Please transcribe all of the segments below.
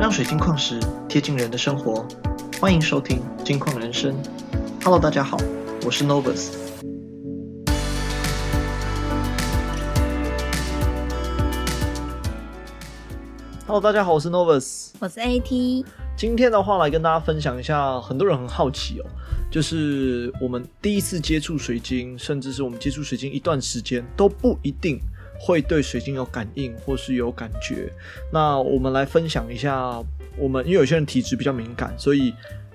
讓水晶礦石貼近人的生活，歡迎收聽《晶礦人生》。Hello，大家好，我是 Novus。Hello，大家好，我是 Novus。我是 AT。今天的話，來跟大家分享一下，很多人很好奇哦，就是我們第一次接觸水晶，甚至是我們接觸水晶一段時間，都不一定，會對水晶有感應或是有感覺。那我們來分享一下，我們因為有些人體質比較敏感，所以，誒、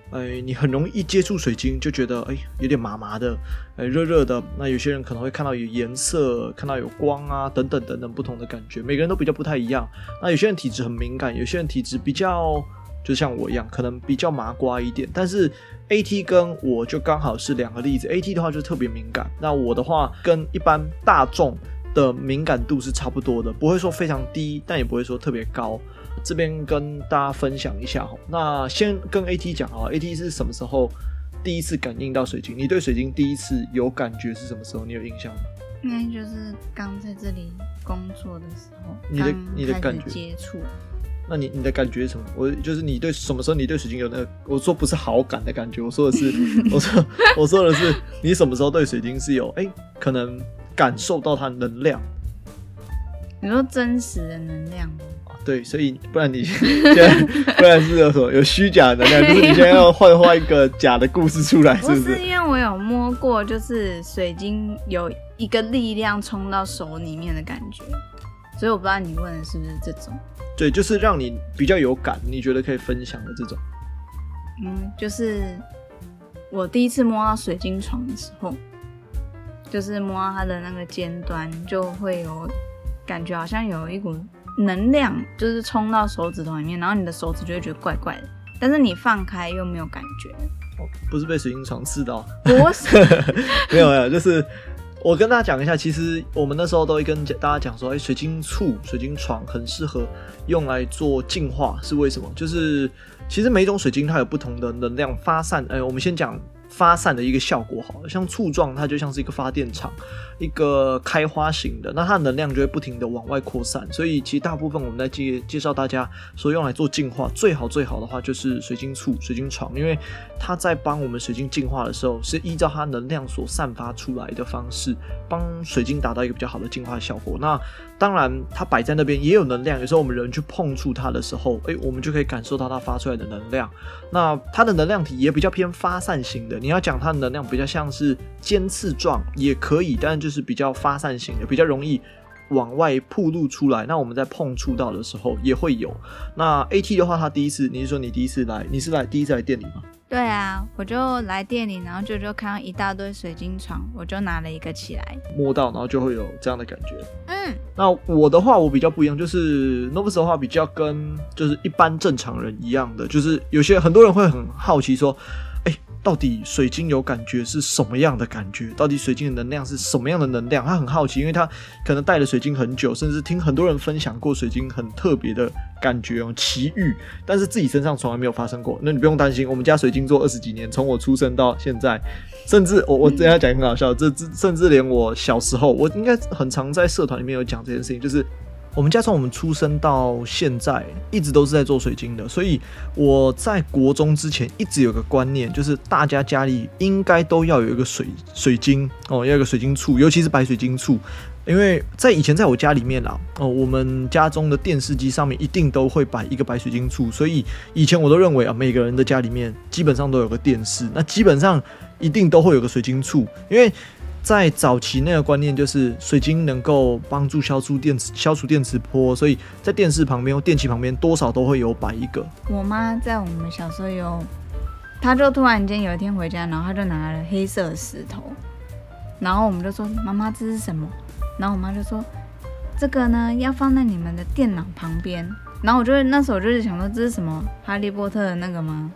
呃、你很容易接觸水晶就覺得誒、哎、有點麻麻的、哎，熱熱的。那有些人可能會看到有顏色，看到有光啊等等等等不同的感覺，每個人都比較不太一樣。那有些人體質很敏感，有些人體質比較就像我一樣，可能比較麻瓜一點。但是 AT 跟我就剛好是兩個例子。AT 的話就特別敏感，那我的話跟一般大眾。的敏感度是差不多的，不會說非常低，但也不會說特別高。這邊跟大家分享一下。那先跟 A T 講啊，A T 是什麼時候第一次感應到水晶？你對水晶第一次有感覺是什麼時候？你有印象嗎？應該就是剛在這裡工作的時候。你的你的感覺接觸？那你你的感覺是什麼？我就是你對什麼時候你對水晶有那個？我說不是好感的感覺，我說的是， 我說我說的是你什麼時候對水晶是有哎、欸、可能。感受到它能量，你說真實的能量？對，所以不然你現在 不然，是有什麼有虛假的能量？就是你現在要幻化一個假的故事出來是是，是不是？因為我有摸過，就是水晶有一個力量衝到手裡面的感覺，所以我不知道你問的是不是這種。對，就是讓你比較有感，你覺得可以分享的這種。嗯，就是我第一次摸到水晶床的時候。就是摸它的那個尖端，就會有感覺，好像有一股能量，就是衝到手指頭裡面，然後你的手指就會覺得怪怪的。但是你放開又沒有感覺。我、oh, 不是被水晶床刺到。不是 ， 沒有沒有，就是我跟大家講一下，其實我們那時候都會跟大家講說，哎、欸，水晶簇、水晶床很適合用來做淨化，是為什麼？就是其實每一種水晶它有不同的能量發散。哎、欸，我們先講。發散的一個效果好，好像簇狀，它就像是一個發電廠，一個開花型的，那它的能量就會不停的往外擴散。所以，其實大部分我們在介介紹大家所用來做淨化最好最好的話就是水晶簇、水晶床，因為它在幫我們水晶淨化的時候，是依照它能量所散發出來的方式，幫水晶達到一個比較好的淨化效果。那當然，它擺在那邊也有能量。有時候我們人去碰觸它的時候，哎、欸，我們就可以感受到它發出來的能量。那它的能量體也比較偏發散型的。你要講它能量比較像是尖刺狀也可以，但是就是比較發散型的，比較容易往外曝露出來。那我們在碰觸到的時候也會有。那 AT 的話，它第一次，你是說你第一次來，你是來第一次來店裡嗎？對啊，我就來店裡，然後就就看到一大堆水晶床，我就拿了一個起來，摸到，然後就會有這樣的感覺。嗯，那我的話我比較不一樣，就是 Novus 的話比較跟就是一般正常人一樣的，就是有些很多人會很好奇說。到底水晶有感覺是什麼樣的感覺？到底水晶的能量是什麼樣的能量？他很好奇，因為他可能帶了水晶很久，甚至聽很多人分享過水晶很特別的感覺哦，奇遇，但是自己身上從來沒有發生過。那你不用擔心，我們家水晶做二十幾年，從我出生到現在，甚至我我等下講很好笑，嗯、這甚至連我小時候，我應該很常在社團裡面有講這件事情，就是。我們家從我們出生到現在，一直都是在做水晶的，所以我在國中之前一直有個觀念，就是大家家裡應該都要有一個水水晶哦，要有個水晶簇，尤其是白水晶簇。因為在以前在我家裡面啦，哦，我們家中的電視機上面一定都會擺一個白水晶簇。所以以前我都認為啊，每個人的家裡面基本上都有個電視，那基本上一定都會有個水晶簇，因為。在早期那個觀念就是水晶能夠幫助消除電磁、消除電磁波，所以在電視旁邊、電器旁邊多少都會有擺一個。我媽在我們小時候有，她就突然間有一天回家，然後她就拿了黑色的石頭，然後我們就說：“媽媽，這是什麼？”然後我媽就說：“這個呢，要放在你們的電腦旁邊。”然後我就那時候我就是想說：“這是什麼？哈利波特的那個嗎？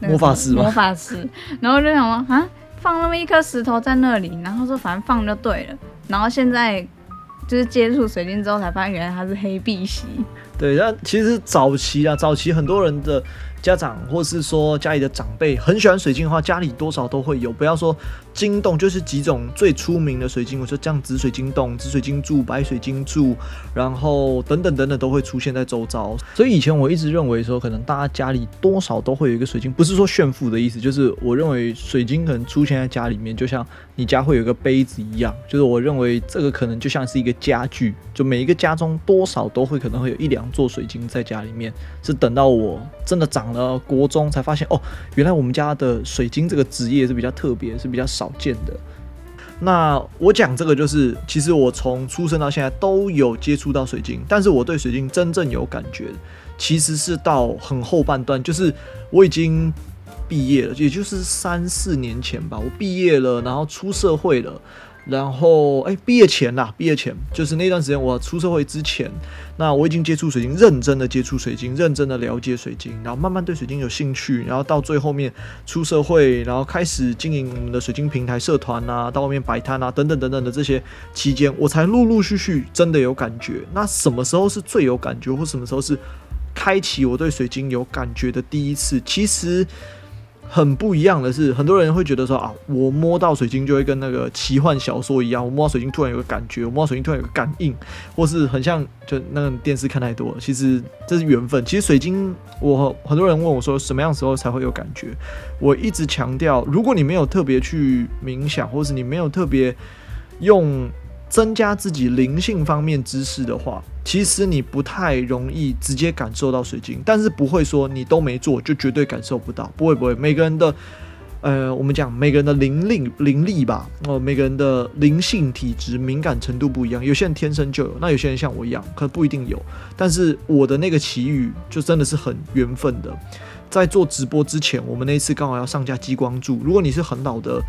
魔法石？魔法石？”然後就想說：“啊。”放那麼一顆石頭在那裡，然後說反正放就對了。然後現在就是接觸水晶之後，才發現原來它是黑碧璽。對，但其實早期啊，早期很多人的家長或是說家裡的長輩很喜歡水晶的話，家裡多少都會有。不要說晶洞，就是幾種最出名的水晶，我說像紫水晶洞、紫水晶柱、白水晶柱，然後等等等等都會出現在周遭。所以以前我一直認為說，可能大家家裡多少都會有一個水晶，不是說炫富的意思，就是我認為水晶可能出現在家裡面，就像你家會有一個杯子一樣，就是我認為這個可能就像是一個家具，就每一個家中多少都會可能會有一兩。做水晶在家裡面是等到我真的長了國中才發現哦，原來我們家的水晶這個職業是比較特別，是比較少見的。那我講這個就是，其實我從出生到現在都有接觸到水晶，但是我對水晶真正有感覺，其實是到很後半段，就是我已經畢業了，也就是三四年前吧。我畢業了，然後出社會了。然後，哎，畢業前啦。畢業前就是那段時間，我出社會之前，那我已經接觸水晶，認真的接觸水晶，認真的了解水晶，然後慢慢對水晶有興趣，然後到最後面出社會，然後開始經營我們的水晶平台社團啊，到外面擺攤啊，等等等等的這些期間，我才陸陸續續真的有感覺。那什麼時候是最有感覺，或什麼時候是開啟我對水晶有感覺的第一次？其實。很不一樣的是，很多人會覺得說啊，我摸到水晶就會跟那個奇幻小說一樣，我摸到水晶突然有個感覺，我摸到水晶突然有個感應，或是很像就那個電視看太多了。其實這是緣分。其實水晶，我很多人問我說什麼樣的時候才會有感覺，我一直強調，如果你沒有特別去冥想，或是你沒有特別用。增加自己靈性方面知識的話，其實你不太容易直接感受到水晶，但是不會說你都沒做就絕對感受不到。不會不會，每個人的，呃，我們講每個人的靈靈靈力吧，哦，每個人的靈性體質敏感程度不一樣，有些人天生就有，那有些人像我一樣，可不一定有。但是我的那個奇遇就真的是很緣分的。在做直播之前，我們那次剛好要上架激光柱，如果你是很老的。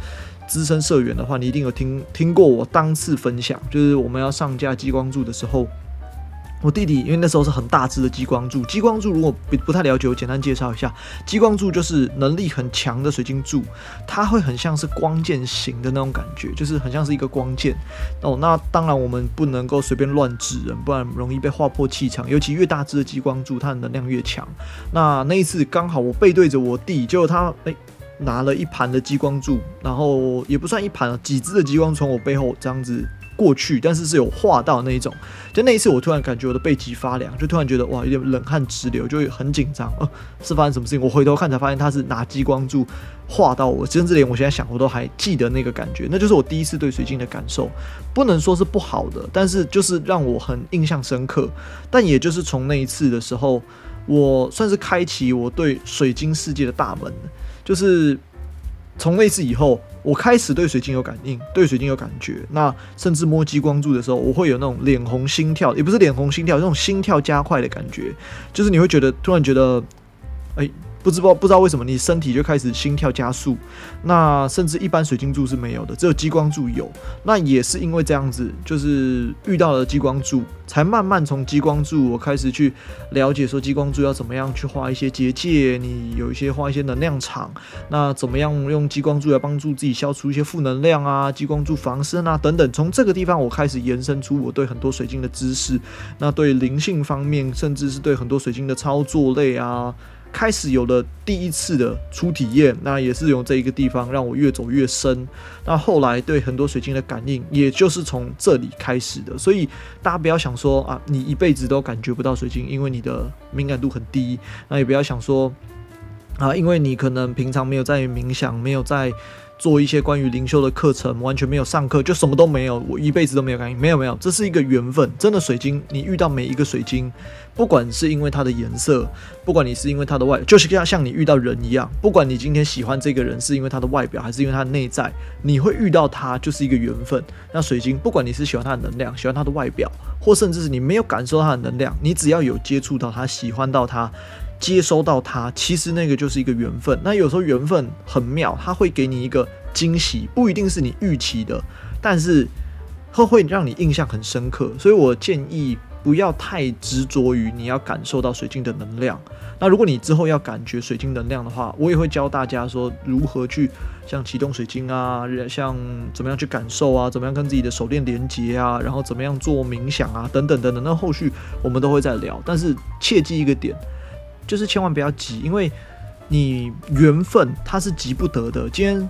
資深社員的話，你一定有聽聽過我當次分享，就是我們要上架激光柱的時候，我弟弟因為那時候是很大隻的激光柱，激光柱如果不不太了解，我簡單介紹一下，激光柱就是能力很強的水晶柱，它會很像是光劍型的那種感覺，就是很像是一個光劍哦。那當然我們不能夠隨便亂指人，不然容易被劃破氣場，尤其越大隻的激光柱，它的能量越強。那那一次剛好我背對着我弟，結果他、欸拿了一盤的激光柱，然後也不算一盤，幾支的激光從我背後這樣子過去，但是是有畫到那一種。就那一次，我突然感覺我的背脊發涼，就突然覺得哇，有點冷汗直流，就會很緊張，呃，是發生什麼事情？我回頭看才發現他是拿激光柱畫到我。甚至連我現在想，我都還記得那個感覺。那就是我第一次對水晶的感受，不能說是不好的，但是就是讓我很印象深刻。但也就是從那一次的時候，我算是開啟我對水晶世界的大門。就是從那次以後，我開始對水晶有感應，對水晶有感覺。那甚至摸激光柱的時候，我會有那種臉紅心跳，也不是臉紅心跳，那種心跳加快的感覺。就是你會覺得突然覺得，哎、欸。不知道，不知道為什麼，你身體就開始心跳加速，那甚至一般水晶柱是沒有的，只有激光柱有。那也是因為這樣子，就是遇到了激光柱，才慢慢從激光柱我開始去了解，說激光柱要怎麼樣去畫一些結界，你有一些畫一些能量場，那怎麼樣用激光柱來幫助自己消除一些負能量啊，激光柱防身啊等等。從這個地方我開始延伸出我對很多水晶的知識，那對靈性方面，甚至是對很多水晶的操作類啊，開始有了第一次的初體驗，那也是由這一個地方讓我越走越深。那後來對很多水晶的感應，也就是從這裡開始的。所以大家不要想說啊，你一輩子都感覺不到水晶，因為你的敏感度很低。那也不要想說啊，因為你可能平常沒有在冥想，沒有在。做一些關於靈修的課程，完全沒有上課，就什麼都沒有。我一輩子都沒有感應，沒有沒有，這是一個緣分。真的，水晶，你遇到每一個水晶，不管是因為它的顏色，不管你是因為它的外，就是像像你遇到人一樣，不管你今天喜歡這個人是因為他的外表，還是因為他的內在，你會遇到他就是一個緣分。那水晶，不管你是喜歡它的能量，喜歡它的外表，或甚至是你沒有感受到它的能量，你只要有接觸到它，喜歡到它。接收到它，其實那個就是一個緣分。那有時候緣分很妙，它會給你一個驚喜，不一定是你預期的，但是它會讓你印象很深刻。所以我建議不要太執着於你要感受到水晶的能量。那如果你之後要感覺水晶能量的話，我也會教大家說如何去像啟動水晶啊，像怎麼樣去感受啊，怎麼樣跟自己的手鍊連接啊，然後怎麼樣做冥想啊，等等等等。那後續我們都會再聊，但是切記一個點。就是千萬不要急，因為你緣分它是急不得的。今天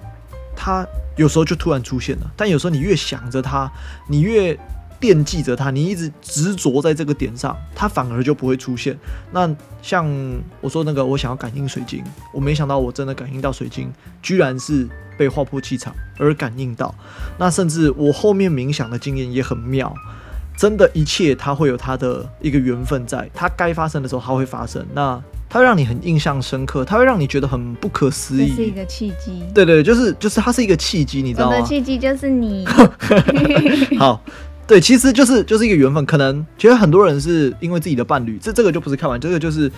它有時候就突然出現了，但有時候你越想着它，你越惦記着它，你一直執着在這個點上，它反而就不會出現。那像我說那個，我想要感應水晶，我沒想到我真的感應到水晶，居然是被劃破氣場而感應到。那甚至我後面冥想的經驗也很妙。真的，一切它會有它的一個緣分在，它該發生的時候它會發生。那它會讓你很印象深刻，它會讓你覺得很不可思議。這是一個契機。對，對對，就是就是它是一個契機，你知道嗎？我的契機就是你。 好，對，其實就是就是一個緣分。可能其實很多人是因為自己的伴侶，這這個就不是開玩笑，這個就是。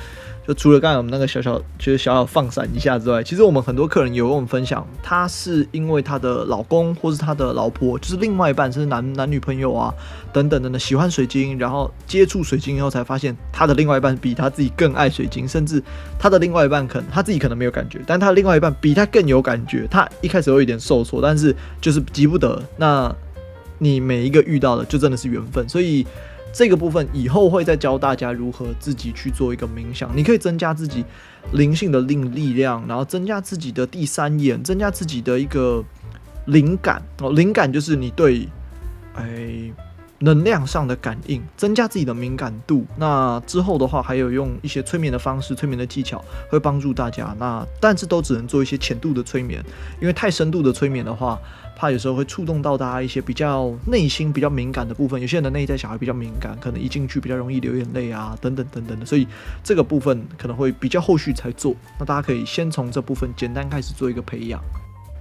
就除了剛才我們那個小小，就是小小放閃一下之外，其實我們很多客人有跟我們分享，他是因為他的老公，或是他的老婆，就是另外一半，甚至男男女朋友啊，等等等等，喜歡水晶，然後接觸水晶以後才發現，他的另外一半比他自己更愛水晶，甚至他的另外一半可能他自己可能沒有感覺，但他的另外一半比他更有感覺，他一開始會有點受挫，但是就是急不得。那你每一個遇到的，就真的是緣分，所以。這個部分以後會再教大家如何自己去做一個冥想，你可以增加自己靈性的力量，然後增加自己的第三眼，增加自己的一個靈感哦，靈感就是你對，哎。能量上的感應，增加自己的敏感度。那之後的話，還有用一些催眠的方式、催眠的技巧，會幫助大家。那但是都只能做一些淺度的催眠，因為太深度的催眠的話，怕有時候會觸動到大家一些比較內心比較敏感的部分。有些人的內在小孩比較敏感，可能一進去比較容易流眼淚啊，等等等等的。所以這個部分可能會比較後續才做。那大家可以先從這部分簡單開始做一個培養。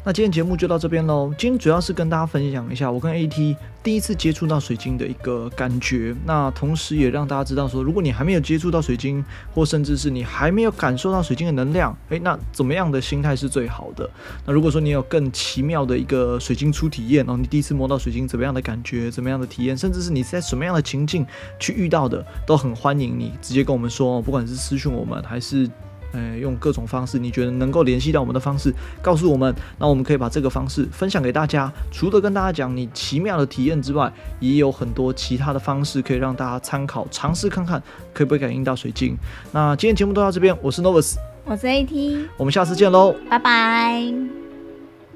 那今天節目就到這邊嘍。今天主要是跟大家分享一下我跟 AT 第一次接觸到水晶的一個感覺，那同時也讓大家知道說，如果你還沒有接觸到水晶，或甚至是你還沒有感受到水晶的能量，誒、欸，那怎麼樣的心態是最好的？那如果說你有更奇妙的一個水晶初體驗，哦，你第一次摸到水晶怎麼樣的感覺，怎麼樣的體驗，甚至是你在什麼樣的情境去遇到的，都很歡迎你直接跟我們說哦，不管是私訊我們還是。哎，用各種方式，你覺得能夠聯繫到我們的方式，告訴我們，那我們可以把這個方式分享給大家。除了跟大家講你奇妙的體驗之外，也有很多其他的方式可以讓大家參考嘗試看看，可以不可以感應到水晶。那今天節目都到這邊，我是 Novus，我是 AT，我們下次見嘍，拜拜。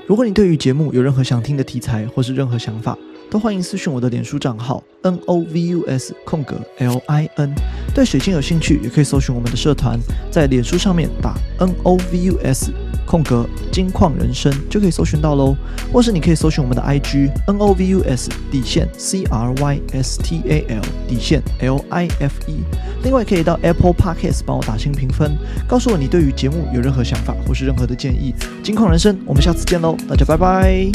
如果你對於節目有任何想聽的題材或是任何想法，都歡迎私訊我的臉書賬號 N O V U S 空格 L I N。對水晶有興趣，也可以搜尋我們的社團，在臉書上面打 N O V U S 空格晶礦人生就可以搜尋到嘍。或是你可以搜尋我們的 I G N O V U S 底線 C R Y S T A L 底線 L I F E。另外可以到 Apple Podcast 幫我打星評分，告訴我你對於節目有任何想法或是任何的建議。晶礦人生，我們下次見嘍，大家拜拜。